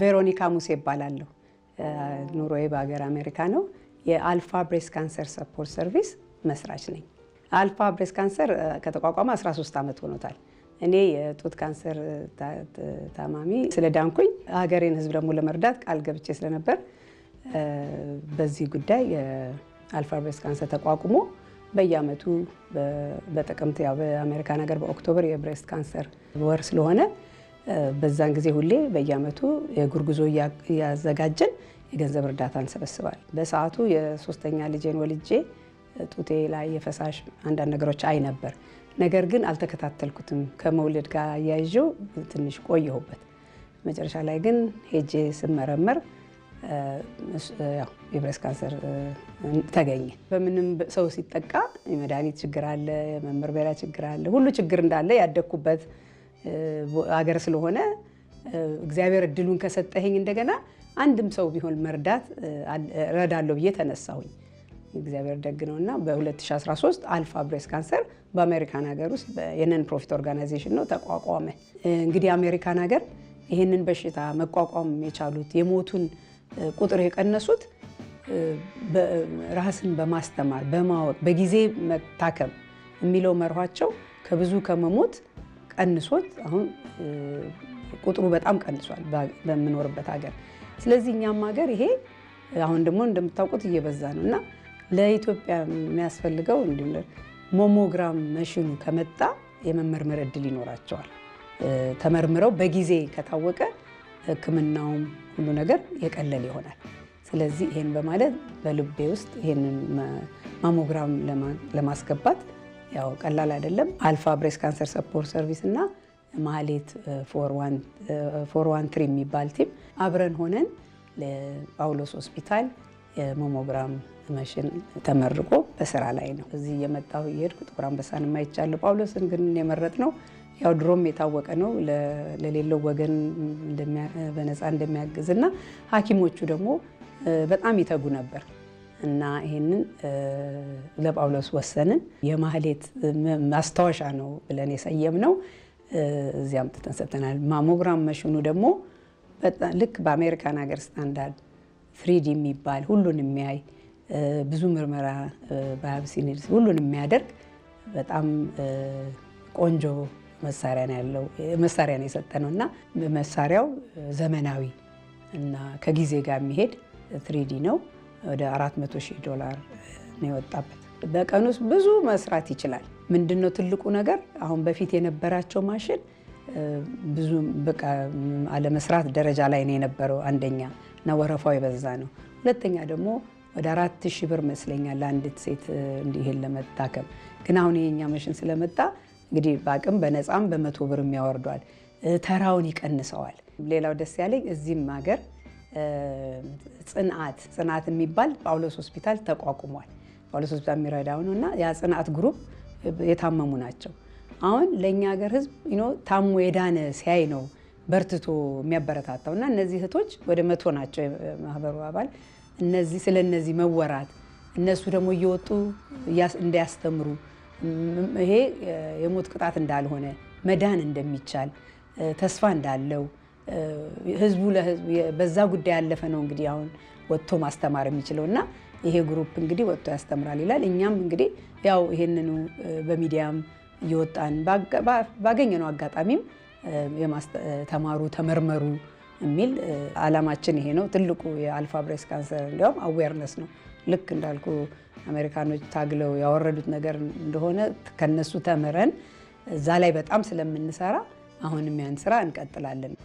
ቬሮኒካ ሙሴ ይባላለሁ። ኑሮዬ በሀገር አሜሪካ ነው። የአልፋ ብሬስ ካንሰር ሰፖርት ሰርቪስ መስራች ነኝ። አልፋ ብሬስ ካንሰር ከተቋቋመ 13 ዓመት ሆኖታል። እኔ የጡት ካንሰር ታማሚ ስለዳንኩኝ ሀገሬን ህዝብ ደግሞ ለመርዳት ቃል ገብቼ ስለነበር በዚህ ጉዳይ የአልፋ ብሬስ ካንሰር ተቋቁሞ በየአመቱ በጥቅምት ያው በአሜሪካ ነገር በኦክቶበር የብሬስት ካንሰር ወር ስለሆነ በዛን ጊዜ ሁሌ በየአመቱ የእግር ጉዞ እያዘጋጀን የገንዘብ እርዳታ እንሰበስባል። በሰዓቱ የሶስተኛ ልጄን ወልጄ ጡቴ ላይ የፈሳሽ አንዳንድ ነገሮች አይ ነበር። ነገር ግን አልተከታተልኩትም። ከመውለድ ጋር አያይዤው ትንሽ ቆየሁበት። መጨረሻ ላይ ግን ሄጄ ስመረመር የብረስ ካንሰር ተገኘ። በምንም ሰው ሲጠቃ የመድኃኒት ችግር አለ፣ የመመርመሪያ ችግር አለ፣ ሁሉ ችግር እንዳለ ያደግኩበት አገር ስለሆነ እግዚአብሔር እድሉን ከሰጠኝ እንደገና አንድም ሰው ቢሆን መርዳት እረዳለሁ ብዬ ተነሳሁኝ። እግዚአብሔር ደግ ነው እና በ2013 አልፋ ብሬስ ካንሰር በአሜሪካን ሀገር ውስጥ የነን ፕሮፊት ኦርጋናይዜሽን ነው ተቋቋመ። እንግዲህ አሜሪካን ሀገር ይህንን በሽታ መቋቋም የቻሉት የሞቱን ቁጥር የቀነሱት ራስን በማስተማር በማወቅ በጊዜ መታከም የሚለው መርኋቸው ከብዙ ከመሞት ቀንሶት አሁን ቁጥሩ በጣም ቀንሷል በምኖርበት ሀገር። ስለዚህ እኛም ሀገር ይሄ አሁን ደግሞ እንደምታውቁት እየበዛ ነው እና ለኢትዮጵያ የሚያስፈልገው እንዲሁም ሞሞግራም መሽኑ ከመጣ የመመርመር እድል ይኖራቸዋል። ተመርምረው በጊዜ ከታወቀ ሕክምናውም ሁሉ ነገር የቀለል ይሆናል። ስለዚህ ይሄን በማለት በልቤ ውስጥ ይሄንን ማሞግራም ለማስገባት ያው ቀላል አይደለም። አልፋ ብሬስ ካንሰር ሰፖርት ሰርቪስ እና ማህሌት ፎር ዋን ትሪ የሚባል ቲም አብረን ሆነን ለጳውሎስ ሆስፒታል የሞሞግራም መሽን ተመርቆ በስራ ላይ ነው። እዚህ የመጣሁ እየሄድኩ ጥቁር አንበሳን የማይቻለሁ ጳውሎስን ግን የመረጥ ነው። ያው ድሮም የታወቀ ነው ለሌለው ወገን በነፃ እንደሚያግዝ እና ሐኪሞቹ ደግሞ በጣም ይተጉ ነበር። እና ይሄንን ለጳውሎስ ወሰንን። የማህሌት ማስታወሻ ነው ብለን የሰየም ነው እዚያም አምጥተን ሰጥተናል። ማሞግራም መሽኑ ደግሞ ልክ በአሜሪካን ሀገር ስታንዳርድ ፍሪድ የሚባል ሁሉን የሚያይ ብዙ ምርመራ ባዮፕሲ ሁሉን የሚያደርግ በጣም ቆንጆ መሳሪያ ነው ያለው መሳሪያ ነው እና መሳሪያው ዘመናዊ እና ከጊዜ ጋር የሚሄድ ትሪዲ ነው። ወደ 400 ሺህ ዶላር ነው የወጣበት። በቀን ውስጥ ብዙ መስራት ይችላል። ምንድን ነው ትልቁ ነገር አሁን በፊት የነበራቸው ማሽን ብዙ በቃ አለመስራት ደረጃ ላይ ነው የነበረው። አንደኛ እና ወረፋው የበዛ ነው። ሁለተኛ ደግሞ ወደ አራት ሺህ ብር መስለኛል ለአንዲት ሴት እንዲህን ለመታከም ግን አሁን የኛ መሽን ስለመጣ እንግዲህ በአቅም በነፃም በመቶ ብር የሚያወርዷል፣ ተራውን ይቀንሰዋል። ሌላው ደስ ያለኝ እዚህም ሀገር ጽንአት ጽንአት የሚባል ጳውሎስ ሆስፒታል ተቋቁሟል። ጳውሎስ ሆስፒታል የሚረዳው ነው እና ያ ጽንአት ግሩፕ የታመሙ ናቸው። አሁን ለእኛ ሀገር ህዝብ ታሞ የዳነ ሲያይ ነው በርትቶ የሚያበረታታው እና እነዚህ እህቶች ወደ መቶ ናቸው የማህበሩ አባል እነዚህ ስለ እነዚህ መወራት እነሱ ደግሞ እየወጡ እንዳያስተምሩ ይሄ የሞት ቅጣት እንዳልሆነ መዳን እንደሚቻል ተስፋ እንዳለው ህዝቡ ለህዝቡ በዛ ጉዳይ ያለፈ ነው እንግዲህ አሁን ወጥቶ ማስተማር የሚችለው እና ይሄ ግሩፕ እንግዲህ ወጥቶ ያስተምራል ይላል። እኛም እንግዲህ ያው ይሄንኑ በሚዲያም እየወጣን ባገኘነው አጋጣሚም ተማሩ፣ ተመርመሩ የሚል አላማችን ይሄ ነው። ትልቁ የአልፋ ብሬስት ካንሰር እንዲያውም አዌርነስ ነው። ልክ እንዳልኩ አሜሪካኖች ታግለው ያወረዱት ነገር እንደሆነ ከነሱ ተምረን እዛ ላይ በጣም ስለምንሰራ አሁንም ያን ስራ እንቀጥላለን።